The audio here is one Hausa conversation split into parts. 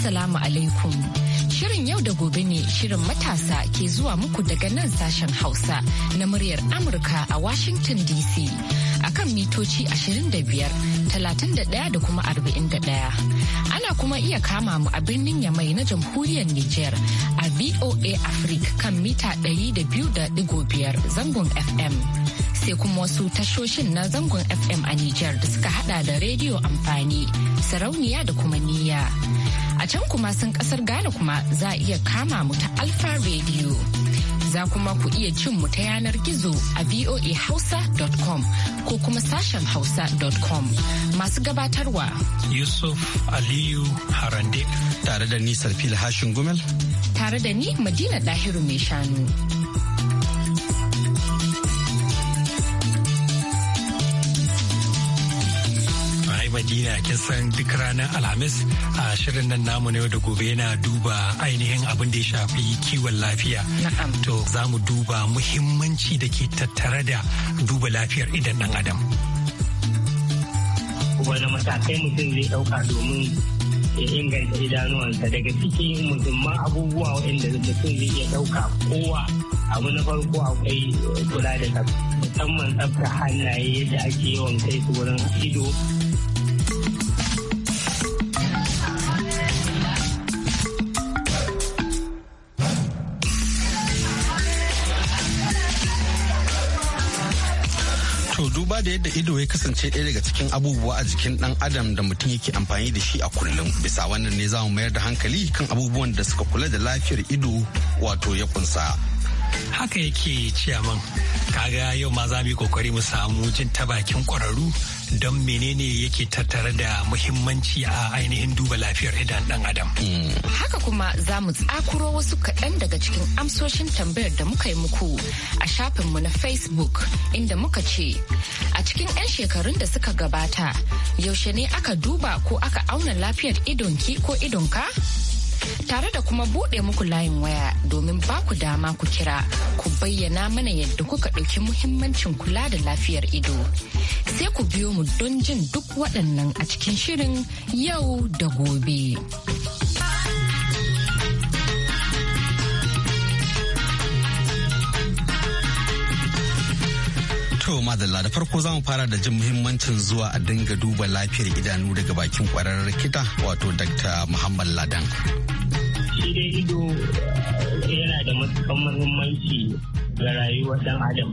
Assalamu alaikum. Shirin yau da gobe ne shirin matasa ke zuwa muku daga nan sashen Hausa na muryar Amurka a Washington DC akan mitoci 25, 31 da kuma 41. Ana kuma iya kama mu a birnin Yamai na jamhuriyar Nijar a VOA Africa kan mita 200.5 zangon FM. sai kuma wasu tashoshin na zangon FM a Nijar da suka hada da rediyo amfani, sarauniya da kuma niyya. A can kuma sun kasar Ghana kuma za a iya kama mu ta Alfa Radio. Za kuma ku iya cin mu ta yanar gizo a voahausa.com ko kuma sashen hausa.com. Masu gabatarwa. Yusuf Aliyu Harande. Tare da ni Sarfil Hashin Gumel. Tare da ni Madina Dahiru mai shanu. madina san duk ranar alhamis a shirin nan namu na yau da gobe yana duba ainihin abin da ya shafi kiwon lafiya to za mu duba muhimmanci da ke tattare da duba lafiyar idan dan adam wani matakai mutum zai ɗauka domin ya inganta idanuwansa daga cikin muhimman abubuwa waɗanda mutum zai iya ɗauka kowa abu na farko akwai kula da tsafta musamman tsafta hannaye da ake yawan kai su wurin ido To duba da yadda ido ya kasance ɗaya daga cikin abubuwa a jikin ɗan adam da mutum yake amfani da shi a kullum. Bisa wannan ne za mu mayar da hankali kan abubuwan da suka kula da lafiyar ido wato ya kunsa. Haka yake ciyaman. Kaga yau ma za mu yi kokari mu samu jin ta bakin kwararru don menene yake tattare da muhimmanci a ainihin duba lafiyar idan dan adam. Haka kuma za mu tsakuro wasu kaɗan daga cikin amsoshin tambayar da muka yi muku a shafinmu na Facebook inda muka ce a cikin 'yan shekarun da suka gabata yaushe ne aka duba ko aka auna lafiyar idonki ko idonka? tare da kuma buɗe muku layin waya domin ba ku dama ku kira ku bayyana mana yadda kuka ɗauki muhimmancin kula da lafiyar ido. Sai ku biyo mu don jin duk waɗannan a cikin shirin yau da gobe. madalla da farko za mu fara da jin muhimmancin zuwa a dinga duba lafiyar idanu daga bakin kwararren likita wato Dr. Muhammad Ladan. shi dai ido yana da matukan muhimmanci ga rayuwar dan adam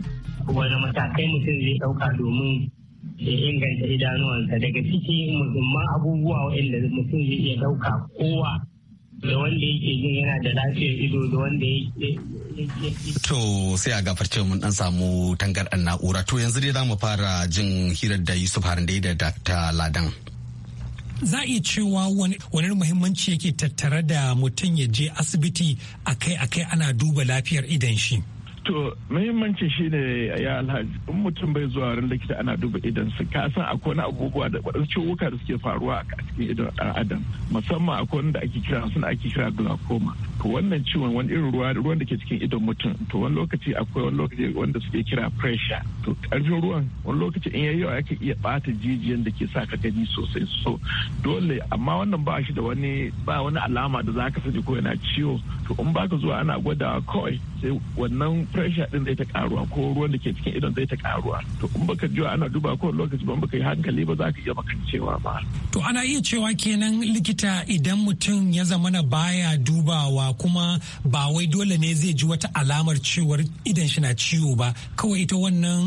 wani matakai mutum zai ɗauka domin ya inganta idanuwansa daga ciki muhimman abubuwa wanda mutum zai iya ɗauka kowa da wanda yake jin yana da lafiyar ido da wanda yake To sai a gafarce mun dan samu tangarɗar na'ura to yanzu dai za mu fara jin hirar da Yusuf Harande da Dr. Ladan. za a iya cewa wani muhimmanci yake tattare da mutum ya je asibiti akai-akai ana duba lafiyar idan shi. To muhimmanci shi ne ya alhaji in mutum bai zuwa wurin likita ana duba idan su ka san akwai wani abubuwa da waɗansu ciwuka da suke faruwa a cikin idon ɗan adam musamman akwai wanda ake kira suna ake kira glaucoma to wannan ciwon wani irin ruwa ruwan da ke cikin idon mutum to wani lokaci akwai wani lokaci wanda suke kira pressure to karfin ruwan wani lokaci in yayi yawa yake iya bata jijiyan da ke sa ka gani sosai so dole amma wannan ba shi da wani ba wani alama da zaka sani ko yana ciwo to in baka zuwa ana gwadawa kawai sai wannan pressure din zai ta karuwa ko ruwan da ke cikin idon zai ta karuwa to in baka jiwa ana duba ko lokaci ba baka yi hankali ba za ka iya makancewa ba to ana iya cewa kenan likita idan mutum ya zamana baya dubawa kuma ba wai dole ne zai ji wata alamar cewar idan shi na ciwo ba kawai ita wannan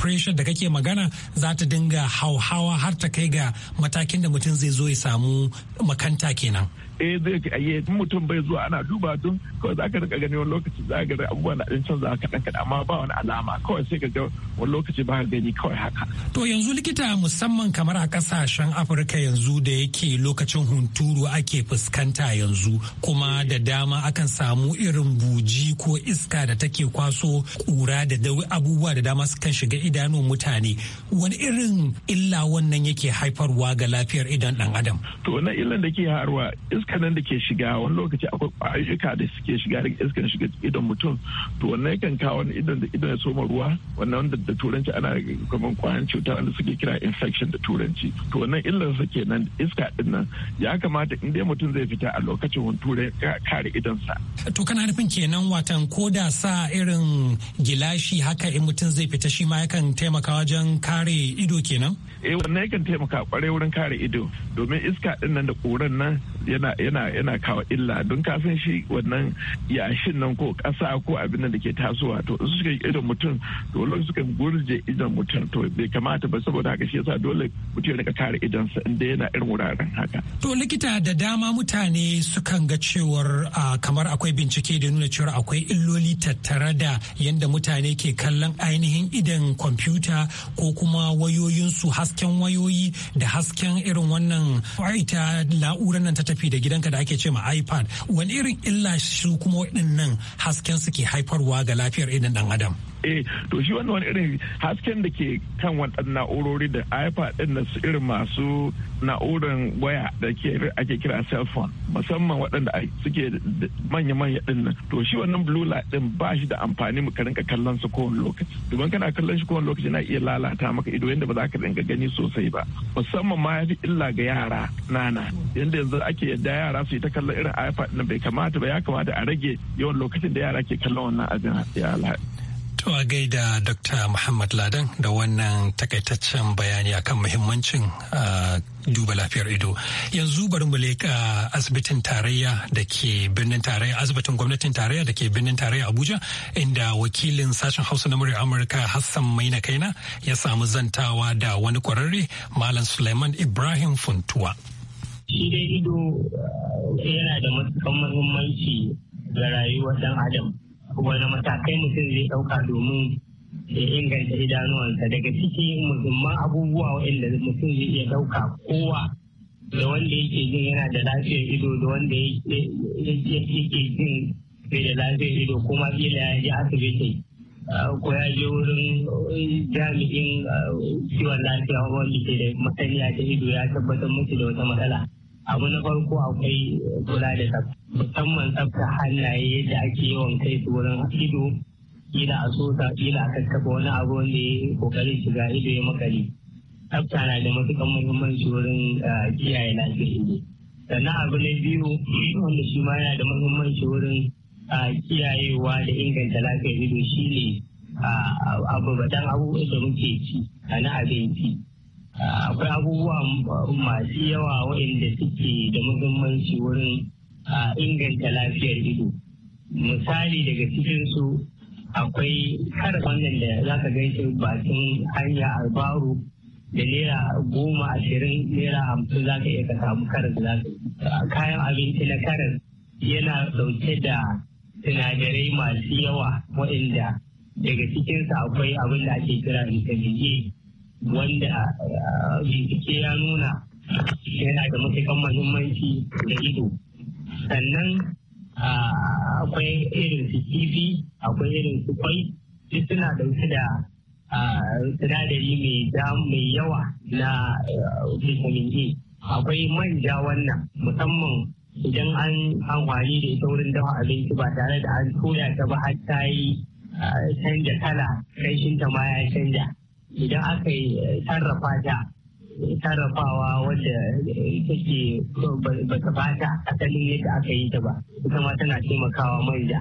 pressure da kake magana za ta dinga hauhawa har ta kai ga matakin da mutum zai zo ya samu makanta kenan eh zai ka aye mutum bai zuwa ana duba tun kawai za ka rika gani wani lokaci za ka ga abubuwan na ɗin canza kaɗan ɗan amma ba wani alama kawai sai ka ga wani lokaci ba ka gani kawai haka. To yanzu likita musamman kamar a ƙasashen Afirka yanzu da yake lokacin hunturu ake fuskanta yanzu kuma da dama akan samu irin buji ko iska da take kwaso ƙura da abubuwa da dama sukan shiga idanun mutane wani irin illa wannan yake haifarwa ga lafiyar idan ɗan adam. To na illan da ke harwa iska kanan da ke shiga wani lokaci akwai ƙwayuka da suke shiga da iskan shiga idon mutum to wannan yakan kawo wani idon da idon ya soma ruwa wannan da turanci ana kaman kwayan cuta wanda suke kira infection da turanci to wannan illar sa kenan iska din nan ya kamata in dai mutum zai fita a lokacin hunture ya kare idon sa. to kana nufin kenan watan ko da sa irin gilashi haka in mutum zai fita shi ma yakan taimaka wajen kare ido kenan. eh wannan yakan taimaka kwarai wurin kare ido domin iska din nan da koren nan yana yana yana kawo illa don kafin shi wannan yashin nan ko kasa ko abin da ke tasowa to su suka idon mutum to lokacin suka gurje idon mutum to bai kamata ba saboda haka shi yasa dole mutum ya rika kare idonsa inda yana irin wuraren haka to likita da dama mutane sukan ga cewar kamar akwai bincike da nuna cewar akwai illoli tattare da yanda mutane ke kallon ainihin idan kwamfuta ko kuma wayoyinsu su hasken wayoyi da hasken irin wannan aita na'urar nan ta tafi da gidanka da ake ce ma ipad wani irin illa su kuma waɗannan hasken suke haifarwa ga lafiyar idan dan adam eh to shi wannan wani irin hasken da ke kan waɗannan na'urori da ipad ɗin da su irin masu na'urar waya da ake kira cell phone musamman waɗanda suke manya-manya ɗin nan to shi wannan blue light din ba shi da amfani mu ka rinka kallon su kowane lokaci domin kana kallon shi kowane lokaci na iya lalata maka ido yadda ba za ka rinka gani sosai ba musamman ma ya fi illa ga yara nana yadda yanzu ake yadda yara su yi ta kallon irin ipad din bai kamata ba ya kamata a rage yawan lokacin da yara ke kallon wannan abin ya To a gaida Dr. Muhammad Ladan da wannan takaitaccen bayani akan muhimmancin duba lafiyar ido. Yanzu bari mu leka asibitin tarayya da ke birnin tarayya, asibitin gwamnatin tarayya da ke birnin tarayya Abuja, inda wakilin sashen Hausa na murya Amurka Hassan Maina Kaina ya samu zantawa da wani kwararre Malam Suleiman Ibrahim Funtuwa. Shi dai ido yana da matuƙar muhimmanci ga rayuwar ɗan Adam. wani matakai mutum zai ɗauka domin ya inganta idanuwansa daga ciki muhimman abubuwa waɗanda mutum zai iya ɗauka kowa da wanda yake jin yana da lafiyar ido da wanda yake jin bai da lafiyar ido kuma kila ya je asibiti ko ya je wurin eh, jami'in eh, kiwon lafiya wanda ke da masaniya ta ido ya tabbatar mutu da wata matsala. abu na farko akwai kula da tsafta musamman tsafta hannaye yadda ake yawan kai su wurin ido kila a sosa kila a kakkafa wani abu wanda ya kokarin shiga ido ya makale tsafta na da matukan muhimmanci wurin ah, kiyaye lafiyar ido sannan abu na biyu wanda shi ma yana da muhimmanci wurin ah, kiyayewa da inganta lafiyar ido shine ah, abu abubatan abubuwan da muke ci a na abinci akwai abubuwa masu yawa waɗanda suke da muhimmanci wurin inganta lafiyar ido misali daga cikinsu akwai kar wannan da za ka gaishe bakin hanya albaru da naira goma ashirin naira hamsin za ka iya ka samu za ka kayan abinci na karar yana ɗauke da sinadarai masu yawa waɗanda daga cikinsa akwai abin da ake kira vitamin A wanda ah, bincike ya nuna yana da matukan mahimmanci da ido sannan ah, akwai irin su kifi akwai irin su kwai duk suna dauke da ah, sinadari mai yawa na vitamin A akwai manja wannan musamman idan an amfani da ita wurin dafa abinci ba tare da an soya ta ba har ta yi canja kala shinta ma ya canja idan aka yi eh, sarrafa ta sarrafawa wanda take ba ta bata asalin yadda aka yi ta ba ita ma tana taimakawa manja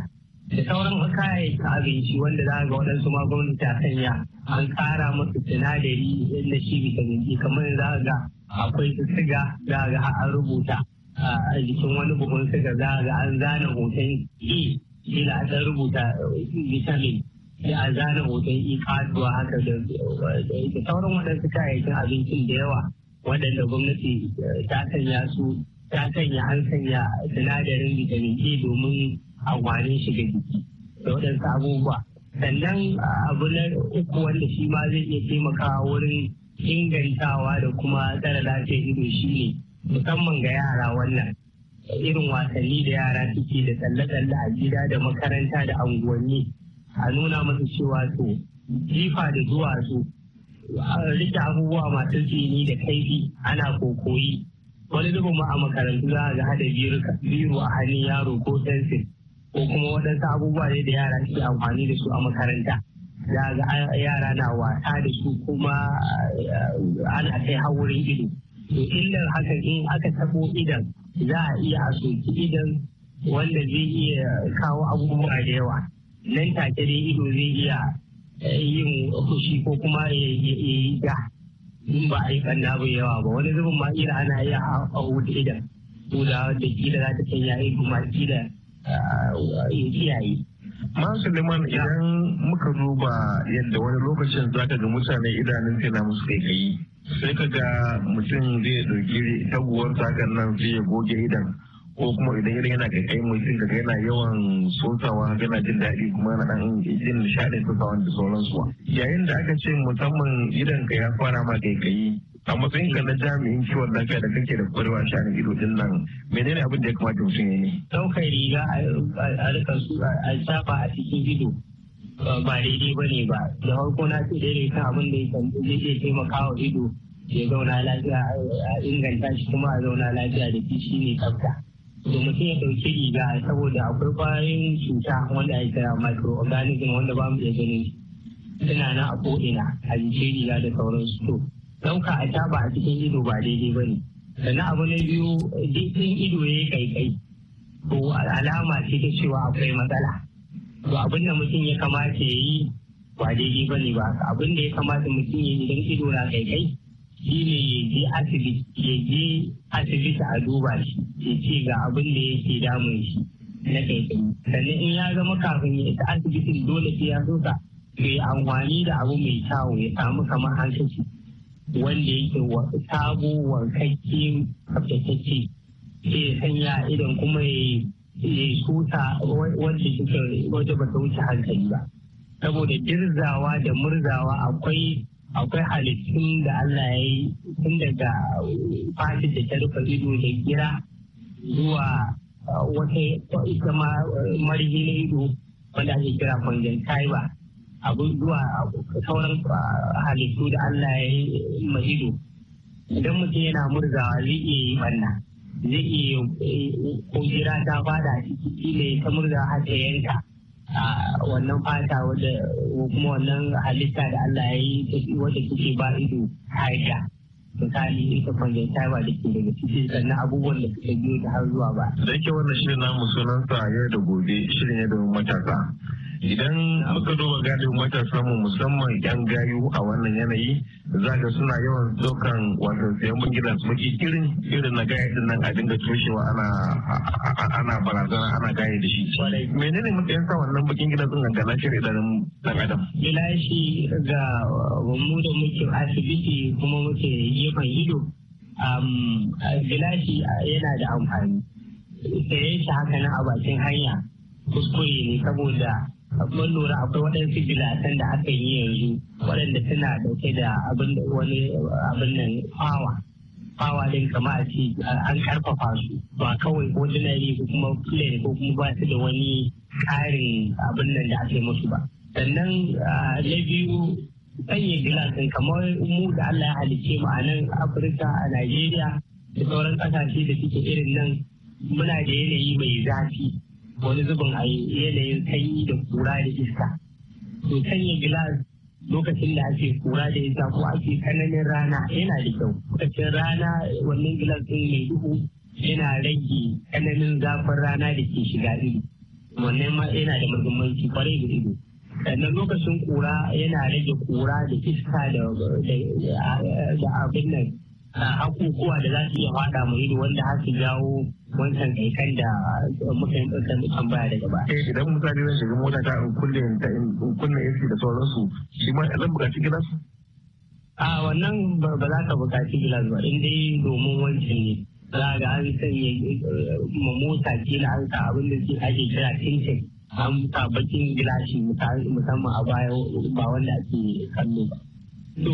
da sauran ta abinci wanda za ga waɗansu ma ta sanya an ƙara musu sinadari na shi vitamin kamar za ga akwai su siga za ga an rubuta a jikin wani buhun siga za ga an zana hoton E ila an rubuta vitamin sai a zana hoton ikaduwa haka da sauran waɗansu kayayyakin abincin da yawa waɗanda gwamnati eh, ta sanya su ta sanya an sanya sinadarin vitamin A e domin amfanin shi ga jiki da waɗansu abubuwa sannan abu na uku wanda shi ma zai iya taimakawa wurin ingantawa da kuma tsara lafiyar ido shine musamman ga yara wannan irin wasanni da yara suke da tsalle-tsalle a gida da makaranta da anguwanni a nuna masa cewa to jifa da duwatsu rike abubuwa masu tsini da kaifi ana kokoyi wani zubin ma a makarantu za a ga hada biyu a hannun yaro ko fensil ko kuma waɗansu abubuwa ne da yara suke amfani da su a makaranta za a ga yara na wasa da su kuma eh, ana kai haurin ido to illar haka in aka tabo idan za a iya a soki idan wanda zai iya kawo abubuwa da yawa nan take dai ido zai iya eh, yin fushi ko kuma ya yi ga in ba a yi kanna ba yawa ba wani zubin ma ana iya a hudu idan kula da kila za ta sanya yi kuma kila ah, kiyaye. Masu liman idan muka duba yadda wani lokacin za ka ga mutane idanun na musu kai-kai? sai ka ga mutum zai ɗauki taguwar sakan nan zai goge idan ko kuma idan yana kai mutum kaga yana yawan sosawa yana jin daɗi kuma yana ɗan jin nishaɗin sosawa da sauransu yayin da aka ce musamman idan ka ya fara ma kai kai a matsayin ka na jami'in kiwon lafiya da kake da kwarewa shi a ido din nan menene abin da ya kamata mutum ya yi ɗaukar riga a rika su a shafa a cikin ido ba daidai ba ne ba da farko na ce daidai kan abin da ya ke taimaka wa ido ya zauna lafiya a inganta shi kuma a zauna lafiya da shi shine tsafta to mutum ya ɗauki riga saboda akwai kwayoyin cuta wanda ake kira microorganism wanda ba mu iya ganin suna nan a ko'ina a jikin riga da sauransu to ɗauka a taba a cikin ido ba daidai ba ne sannan abu na biyu dukkan ido ya yi kaikai to alama ce ta cewa akwai matsala to abin da mutum ya kamata ya yi ba daidai ba ne ba abin da ya kamata mutum ya yi idan ido na kaikai shi ne asibiti ya je asibiti a duba shi ya ce ga abin da ya yake damun shi na kai sannan in ya zama kafin ya isa asibitin dole sai ya sosa bai amfani da abu mai kyawu ya samu kamar hankali wanda yake sabo wankakke tsaftatacce sai ya sanya idan kuma ya yi suta wanda suke wata ba ta wuce hankali ba saboda dirzawa da murzawa akwai akwai halittun da Allah ya yi tun daga fashi da ta rufe ido da gira zuwa wata ita ma na ido wanda ake kira kwanjan taiba abin zuwa sauran halittu da Allah ya yi ma ido idan mutum yana murzawa zai iya yi banna zai iya eh, ko gira ta fada ciki ne ta murza har ta yanka wannan fata wadda kuma wannan halitta da Allah ya yi wadda kuke ba ido haida misali ita conjunctiva da ke daga cikin sannan abubuwan da suka biyo da har zuwa ba. Zai ke wannan shirin namu sunansa yau da gobe shirin ya domin matasa. idan muka duba galibin matasan samu musamman yan gayu a wannan yanayi za ka suna yawan dokan wata sayan bangidan su maki irin irin na gaya din nan a dinga toshewa ana ana barazana ana gaya da shi menene muka yasa wannan bakin gidan sun gangana shirya idanun dan adam ila shi ga mu da muke asibiti kuma muke yaban ido gilashi yana da amfani sayen shi haka nan a bakin hanya kuskure ne saboda mun lura akwai waɗansu gilasan da aka yi yanzu waɗanda suna dauke da abin da wani abin nan fawa fawa din kama a ce an karfafa su ba kawai ordinary ko kuma plain ko kuma ba su da wani ƙarin abin nan da aka yi musu ba sannan na biyu sanya gilasan kamar mu da Allah ya halicce mu a nan Afirka a Najeriya da sauran ƙasashe da suke irin nan muna da yanayi mai zafi wani zubin a yanayin sanyi da kura da iska to sanya gilas lokacin da ake kura da iska ko ake tsananin rana yana da kyau lokacin rana wannan gilas ɗin mai duhu yana rage tsananin zafin rana da ke shiga ido wannan ma yana da muhimmanci kwarai da ido sannan lokacin kura yana rage kura da iska da abin nan abubuwa da za su iya fada mu ido wanda har su jawo wancan kaikan da muka yi baya daga ba. Eh idan mutane zai shiga mota ta kulle kunna AC da sauransu shi ma zan buƙaci gilas? A wannan ba za ka bukaci gilas ba in dai domin wancan ne. Za ga an sanya ma mota kila an sa abin da ke ake kira tintin an sa bakin gilashi musamman a baya ba wanda ake kallo ba. to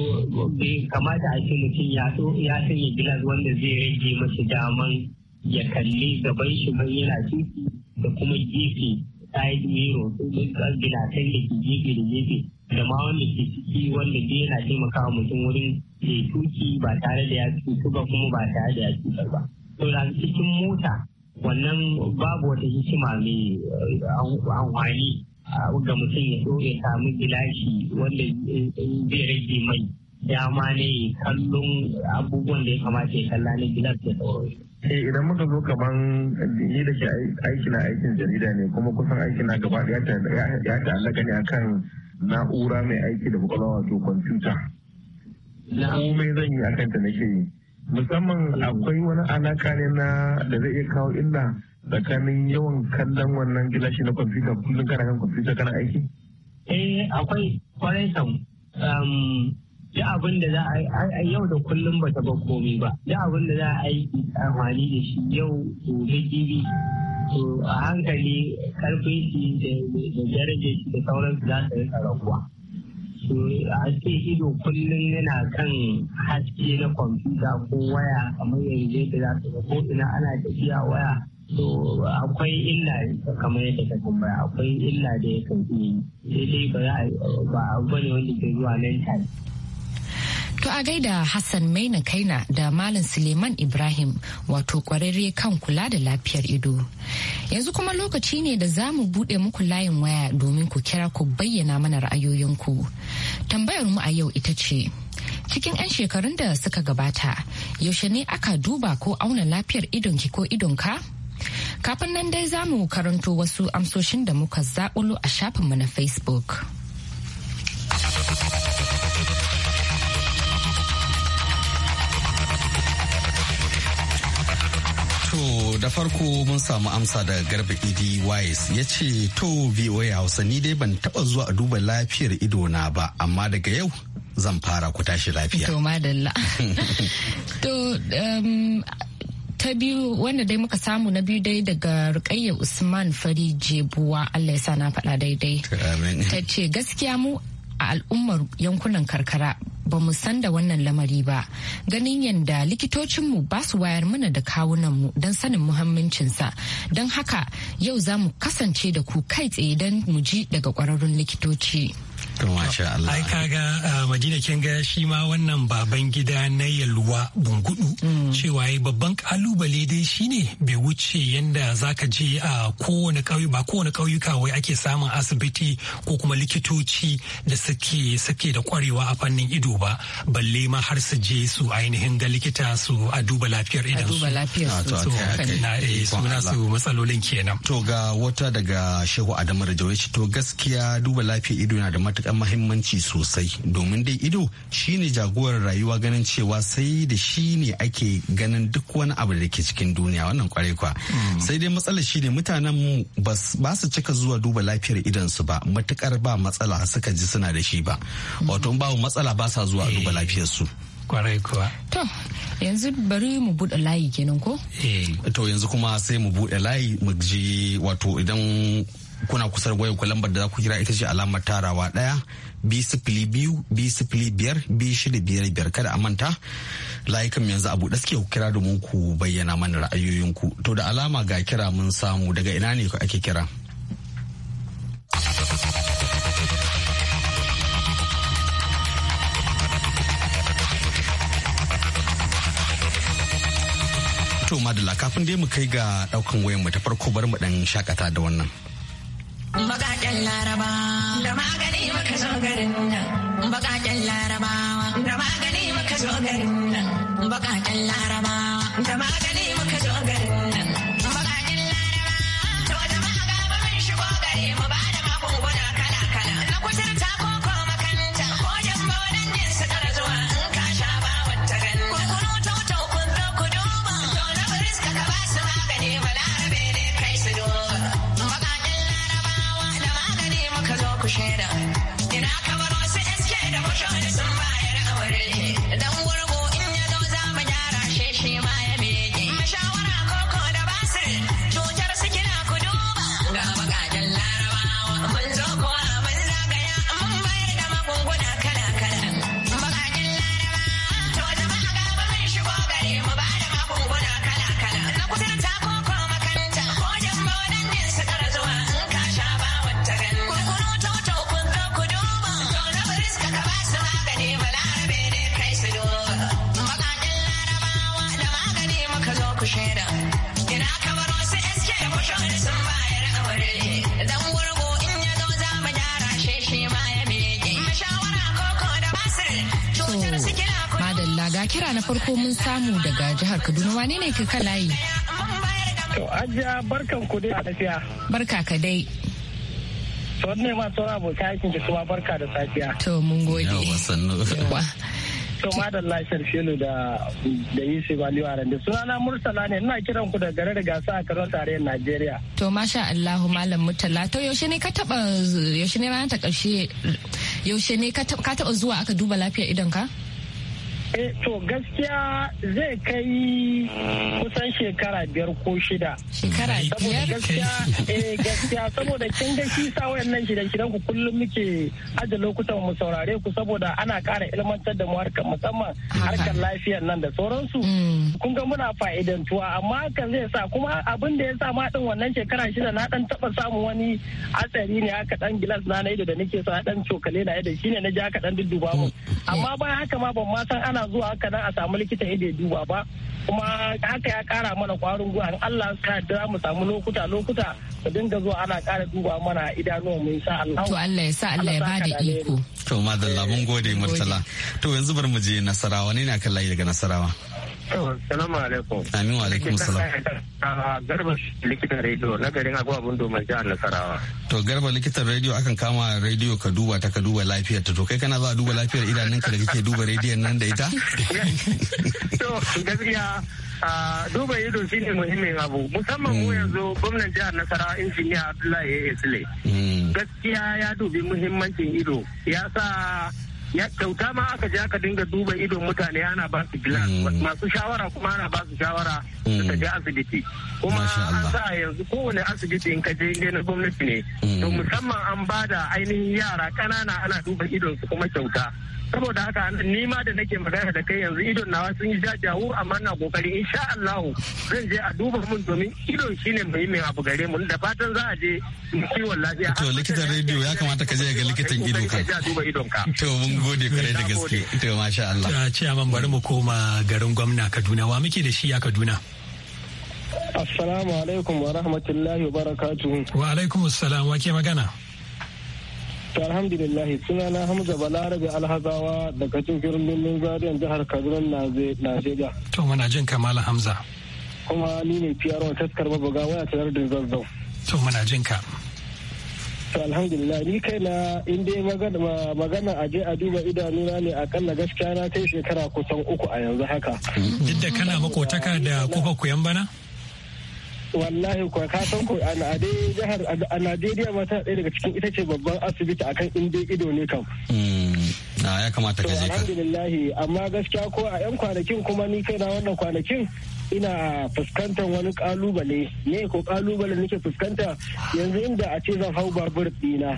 bai kamata a ce mutum ya sanya gilas wanda zai rage masu daman ya kalli gaban shi ban yana titi da kuma gefe side mirror sun kan da ke gefe da gefe da ma wanda ke ciki wanda dai yana taimakawa mutum wurin ya tuki ba tare da ya tuki ba kuma ba tare da ya tuki ba. To da cikin mota wannan babu wata hikima mai eh, amfani ga mutum ya so ya samu gilashi wanda zai rage mai dama ne kallon abubuwan da ya kamata ya kalla na gilas da sauransu. Eh idan muka zo kaman ni da ke aiki na aikin jarida ne kuma kusan aiki na gaba ya ta'allaka ne akan na'ura mai aiki da kwakwalwa wato kwamfuta. Komai zan yi akan ta nake yi. Musamman akwai wani alaka ne na da zai iya kawo illa tsakanin yawan kallon wannan gilashi na kwamfuta kullum kana kan kwamfuta kana aiki? Eh akwai kwarai um, Yi abin da za a yi. yau da kullum ba ta ba komi ba Yi abin da za a yi amfani da shi yau gobe jibi a hankali karfin shi da darajar shi da sauransu za su rika raguwa a ce ido kullum yana kan haske na kwamfuta ko waya kamar yanzu da za su ko ina ana tafiya waya to akwai illa kamar yadda ka kuma akwai illa da ya kan yi sai dai ba za a ba ne wanda ke zuwa nan tare To a gaida Hassan Maina Kaina da Malam Suleiman Ibrahim wato kwararre kan kula da lafiyar ido. Yanzu kuma lokaci ne da za mu buɗe muku layin waya domin ku kira ku bayyana mana ra'ayoyinku. Tambayar mu a yau ita ce. Cikin 'yan shekarun da suka gabata, yaushe ne aka duba ko auna lafiyar idonki ko idonka? Kafin nan dai za mu karanto wasu amsoshin da muka zaɓulo a shafinmu na Facebook. da farko mun samu amsa da garba idi wise ya ce to VOA Hausa ni dai ban taba zuwa a duba lafiyar ido na ba amma daga yau zan fara ku tashi lafiya. To madalla. to um, ta biyu wanda dai muka samu na biyu dai daga rukayya usman fari jebuwa allah ya sa na faɗa daidai ta ce gaskiya mu a al'ummar yankunan karkara ba mu san da wannan lamari ba ganin yadda likitocinmu ba su wayar mana da kawunanmu don sanin muhammancinsa don haka yau za mu kasance da ku kai tsaye don mu ji daga kwararrun likitoci. Allah. Ai kaga Madina shi ma wannan baban gida na yalwa bungudu mm. cewa yi babban kalubale dai shine bai wuce yanda zaka je a kowane ƙauye ba kowane kauyuka wai ake samun asibiti ko kuma likitoci da suke suke da kwarewa a fannin ido ba balle ma har su je su ainihin ga likita su a duba lafiyar idan ah, su. Suna eh, su matsalolin kenan. To ga wata daga Shehu Adamu da to gaskiya duba lafiyar ido na da matukan mahimmanci sosai domin dai ido shine jagorar rayuwa ganin cewa sai da shi ne ake ganin duk wani abu da ke cikin duniya wannan kwarai kwa hmm. sai dai matsalar shine mutanen mu ba su cika zuwa duba lafiyar idan su ba matukar ba matsala suka ji suna da shi ba hmm. wato babu matsala ba sa zuwa duba eh. lafiyar su kwarai kuwa. To, yanzu bari mu buɗe layi kenan ko? Eh. To yanzu kuma sai mu buɗe layi mu ji wato idan kuna kusa da wayar lambar da za ku kira ita ce alamar tarawa ɗaya bi sifili biyu bi sifili biyar bi shida biyar biyar kada a manta layukan yanzu abu da suke kira domin ku bayyana mana ra'ayoyinku to da alama ga kira mun samu daga ina ne ake kira. To kafin dai mu kai ga daukan wayan mu ta farko bari mu dan shakata da wannan. laraba. Da magani maka zo garin jihar Kaduna wane ne kan layi? To ajiya barkan ku dai a tafiya. Barka ka dai. Sauran ne ma sauran abokan aikin ki kuma barka da safiya. To mun gode. Yawa sannu. To Lashar Filu da da Yusuf Aliyu suna Sunana Murtala ne ina kiran ku da da gasa a Kano tarayyar Najeriya. To masha Allah, Malam Murtala to yaushe ne ka taba yaushe ne ranar ta karshe yaushe ne ka taba zuwa aka duba lafiyar idon ka? eh to gaskiya zai kai kusan shekara biyar ko shida shekara biyar gaskiya eh, gaskiya saboda kin ga shi sa wayannan shidan shidan ku kullum muke ajiye lokutan mu saurare ku saboda ana ƙara ilmantar da mu harkar musamman harkar lafiyar nan da sauransu mm. kun ga muna fa'idantuwa amma hakan zai sa kuma abin da ya sa ma ɗin wannan shekara shida na ɗan taɓa samu wani hatsari ne haka ɗan gilas na na ido da nake sa ɗan cokali na ido shine na ji haka ɗan dudduba mu mm. amma bayan haka ma ban ma san ana zuwa haka nan a samu likita ya duba ba kuma haka ya kara mana kwarin gwiwa in Allah ya da mu samu lokuta lokuta mu dinga zuwa ana kara duba mana idanuwa mu insha Allah to Allah ya sa Allah ya bada iko to madalla mun gode murtala to yanzu bar mu je nasarawa ne na kan layi daga nasarawa Salamu alaikum. Amin wa alaikum salam. Garba likitan Radio. na garin agwabun domin jihar Nasarawa. To garba likitan radio akan kama radio ka duba ta ka duba lafiyar ta to kai kana za a duba lafiyar idanunka da kake duba radio nan da ita? To gaskiya duba ido ne muhimmin abu musamman mu hmm. yanzu gwamnan jihar Nasarawa injiniya Abdullahi Esle. Hmm. Gaskiya ya dubi muhimmancin ido ya sa ya kyauta ma aka je aka dinga duba idon mutane ana ba su gilas mm. masu shawara kuma ana ba su shawara su je mm. asibiti kuma an sa yanzu kowane asibiti in ka je inda na gwamnati ne mm. to musamman an ba da ainihin yara ƙanana ana duba idon su kuma kyauta saboda haka ni ma da nake magana da kai yanzu idon nawa sun yi jajawo amma na kokari insha Allah zan je a duba mun domin idon shine mai abu gare mu da fatan za a je kiwon lafiya to likitan rediyo ya kamata ka je ga likitan ido ka duba idon ka to mun gode kare da gaske to masha Allah ta ce man bari mu koma garin gwamna Kaduna wa muke da shi a Kaduna Assalamu alaikum wa rahmatullahi wa barakatuhu. Wa alaikum assalam wa ke magana? To alhamdulillah sunana Hamza Balarabe Alhazawa daga cikin birnin Zariyan jihar Kaduna Najeriya. To muna jin Kamala Hamza. Kuma ni ne PRO taskar mabuga waya ta da zazzau. To muna jin ka. To alhamdulillah ni kai na in dai magana a je a duba idanuna ne akalla gaskiya na kai shekara kusan uku a yanzu haka. Duk da kana makotaka da kofa kuyan bana? wallahi ko ka san ko a Najeriya ma ta daga cikin ita ce babban asibiti akan in dai ido ne kam. Na hmm. ah, ya kamata ka je ka. Alhamdulillahi amma gaskiya ko a 'yan kwanakin kuma ni kai na wannan kwanakin ina fuskantar wani kalubale ne ko kalubale nake fuskanta yanzu inda a ce zan hau babur dina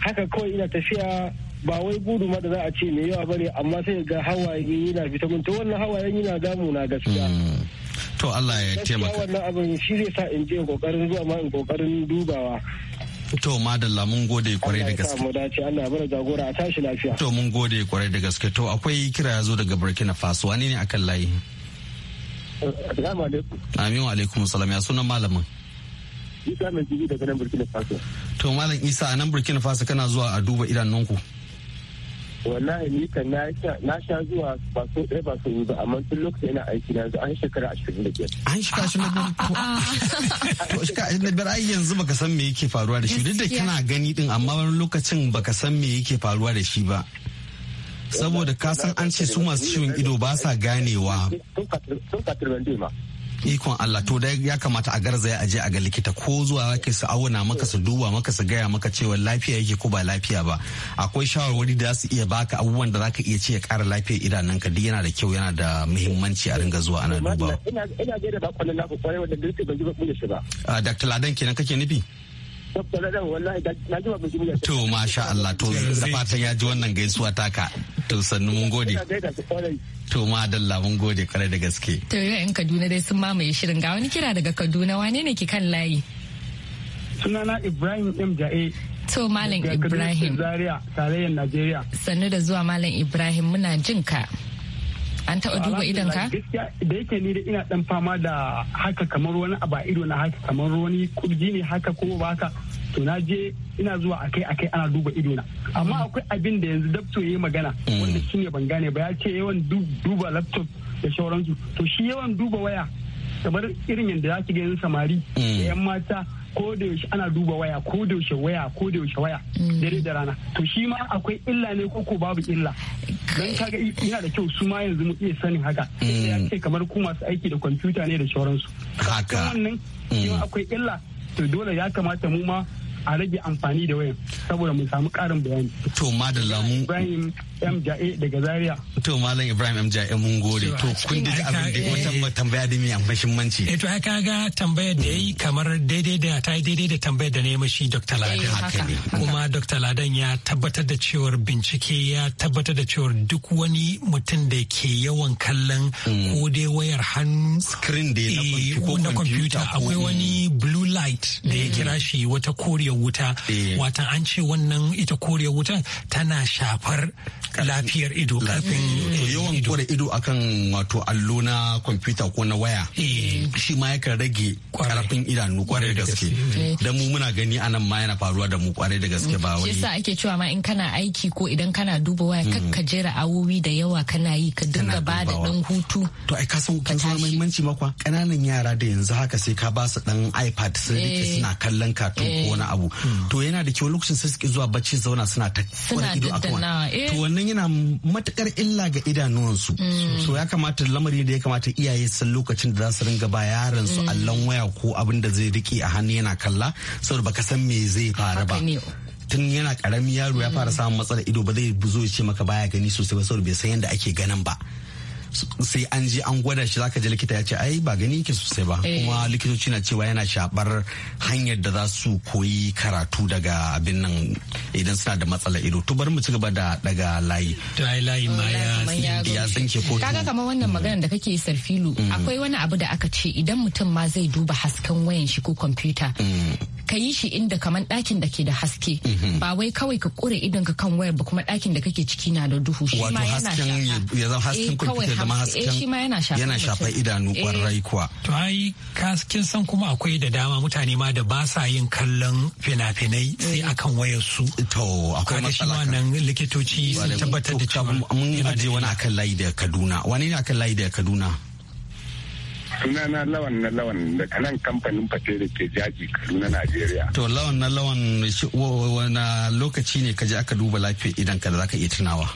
haka kawai ina tafiya ba wai gudu ma da za a ce mai yawa bane amma sai ga hawaye yana fita mun to wannan hawayen yana damu na gaskiya. Hmm. to Allah ya taimaka wannan abin shi zai sa in je kokarin zuwa ma in kokarin dubawa To madalla mun gode kwarai da gaske. Allah dace Allah ya bar jagora a tashi lafiya. To mun gode kwarai da gaske. To akwai kira ya zo daga Burkina Faso wani ne akan layi? Assalamu alaikum. Amin wa alaikum salam ya sunan malamin. Isa mai jiri daga nan Burkina Faso. To malam Isa a nan Burkina Faso kana zuwa a duba idanunku. wallahi ni kan na sha zuwa ba so ɗaya ba so ba amma tun lokacin yana aiki na yanzu an shekara ashirin da biyar. An shekara ashirin da biyar. To shika ashirin da biyar ai yanzu baka san me yake faruwa da shi duk da kana gani din amma wani lokacin baka san me yake faruwa da shi ba. Saboda ka san an ce su masu ciwon ido ba sa ganewa. Sun ma. ikon Allah to da ya kamata a garzaya aje a ga likita ko zuwa yake su auna maka su duba maka su gaya maka cewa lafiya yake ko ba lafiya ba akwai shawarwari da su iya baka abubuwan da zaka iya ce ya kara lafiya idanunka duk yana da kyau yana da muhimmanci a ringa zuwa ana duba. ina ga da bakon lafiya kwarai wanda duk ban ji ba shi ba ah, Dr. Ladan kenan kake nufi To masha Allah to eh, da eh. fatan ya ji wannan gaisuwa taka to sannu mun gode. To ma dalla mun gode kare da gaske. To yau yan Kaduna dai sun mamaye shirin ga wani kira daga Kaduna wane ne ke kan layi? Sunana Ibrahim M. Ja'e. To Malam Ibrahim. Zaria, tarayyar Najeriya. Sannu da zuwa Malam Ibrahim muna jin ka. an taɓa duba idan ka? da yake ni da ina dan fama da haka kamar wani a ido na haka kamar wani kurji ne haka ko ba haka to na je ina zuwa akai akai ana duba ido na amma mm. akwai abin da yanzu dabto yayi magana mm. wanda shi ne ban gane ba ya ce yawan duba laptop da sauransu to shi yawan duba waya kamar irin yadda zaki ga yanzu samari da mm. yan mata ko da yaushe ana duba waya ko da yaushe waya ko da yaushe waya dare da rana to shi ma akwai illa ne koko babu illa dan kaga yana da kyau su ma yanzu mu iya sanin haka ya ce kamar ku masu aiki da kwamfuta ne da sauransu haka wannan akwai illa to dole ya kamata mu ma a rage amfani da wayan saboda mu samu karin bayani. To madalla mu. Ibrahim M daga Zaria. To Malam Ibrahim M Ja'e mun gode. To kun da abin da wata eh. tambaya da mai muhimmanci. Eh to ai kaga tambayar da yayi kamar daidai da ta yi daidai da tambayar da na yi mashi Dr. Ladan. Eh, Kuma Dr. Ladan ya tabbatar da cewar bincike ya tabbatar da cewar duk wani mutum da ke yawan kallon mm. ko dai wayar hannu screen da na eh, kwamfuta mm. akwai wani blue light da ya mm. kira shi wata koriyar wuta watan an ce wannan ita koriyar wutan tana shafar lafiyar ido kafin yawan kore ido akan wato allo na kwamfuta ko na waya eh. shi ma yakan rage karfin idanu kwarai da gaske dan mu muna gani anan ma yana faruwa da mu kwarai da gaske ba wani yasa ake cewa ma in kana aiki ko idan kana duba waya kak mm. ka jera awowi da yawa kana yi ka dinga ba da dan hutu to ai ka san kin san muhimmanci ma kwa kananan yara da yanzu haka sai ka ba su dan iPad sun rike eh. suna kallon katun ko eh. wani abu hmm. to yana da kyau lokacin sai suke zuwa bacci zauna suna ta ido akan to wannan yana matukar illa ga idanuwansu mm. so ya kamata lamari da ya kamata iyaye san lokacin da za su ringa ba yaran su mm. allon waya ko abin da zai rike a hannu yana kalla saboda baka san me zai fara ba tun yana karami yaro ya fara mm. samun matsalar ido ba zai zo ya ce maka baya gani sosai ba saboda bai san yadda ake ganin ba sai an je an gwada shi zaka je likita ya ce ai ba gani yake sosai ba eh. kuma likitoci na cewa yana shabar hanyar da za su koyi karatu daga abin nan idan suna da matsala ido to bari mu ci gaba da daga layi da ai layi ma ya ya tsinke ko kaga kamar wannan maganar da kake sarfilu mm. akwai wani abu da aka ce idan mutum ma zai duba hasken wayan shi ko kwamfuta mm. ka yi shi inda kamar ɗakin da ke da haske mm-hmm. ba wai kawai ka kure idan ka kan wayar ba kuma ɗakin da kake ciki na da duhu shi ma yana hasken ya zama hasken eh, kwamfuta kuma eh, hasken yana shafar idanu eh. kwarai kuwa to ai kin san kuma akwai da dama mutane ma da ba sa yin kallon fina-finai eh. sai akan wayar su to akwai matsala nan likitoci sun tabbatar da cewa mun aje wani akan layi da Kaduna wani ne akan layi da Kaduna suna na lawan na lawan da kanan kamfanin fate da ke jaji kaduna najeriya to lawan na lawan wani lokaci ne ka je aka duba lafiya idan ka da ka iya tunawa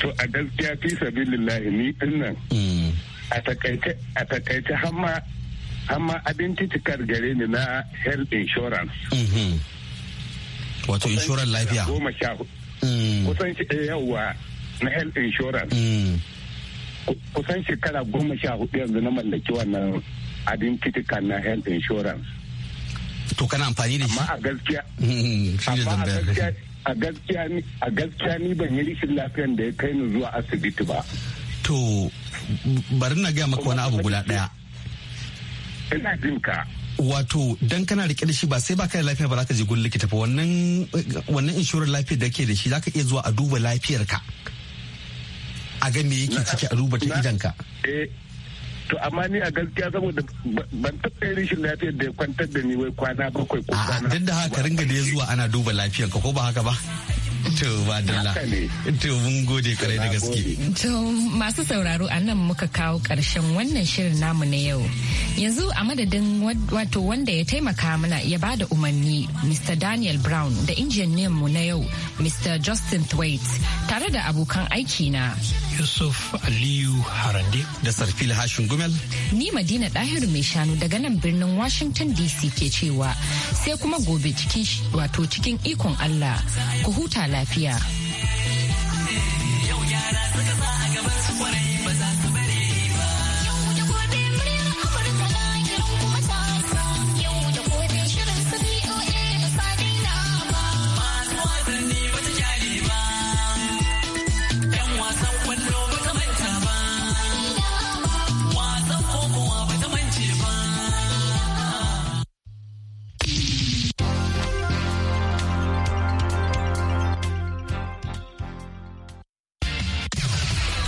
to a gaskiya fi sabilillahi ni din nan mm. a takaice hamma amma abinci gare ni na health insurance mm-hmm. wato insurance lafiya goma sha mm. kusan eh, yawa na health insurance mm. kusan shekara goma sha hudu yanzu na mallaki wannan abin kitika na health insurance to kana amfani da shi amma a gaskiya mm-hmm. a gaskiya ni ban yi rikin lafiyan da ya kai ni zuwa asibiti ba to bari na gaya maka wani abu guda ɗaya. ina jin ka wato dan kana rike da shi ba sai baka da lafiya ba za ka je gurin likita ba wannan wannan inshorar lafiyar da ke da shi ka iya zuwa a duba lafiyarka a ga me yake ciki a duba ta idanka eh to amma ni a gaskiya saboda ban taɓa yin rashin lafiyar da ya kwantar da ni wai kwana bakwai ko kwana duk da haka ringa da zuwa ana duba lafiyar ka ko ba haka ba to ba dalla to mun gode kare da gaske to masu sauraro a nan muka kawo ƙarshen wannan shirin namu na yau yanzu a madadin wato wanda ya taimaka mana ya bada umarni mr daniel brown da injiniyan mu na yau mr justin thwaite tare da abokan aiki na yusuf aliyu harande da sarfil hashin gumel ni madina dahir mai shanu daga nan birnin washington dc ke cewa sai kuma gobe cikin wato cikin ikon allah ku huta lafiya